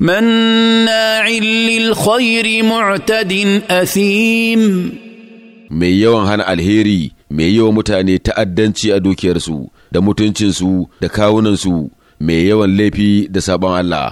مناع للخير معتد أثيم mai yawan hana alheri mai yawan mutane ta'addanci a dukiyarsu da mutuncinsu da kawunansu mai yawan laifi da sabon Allah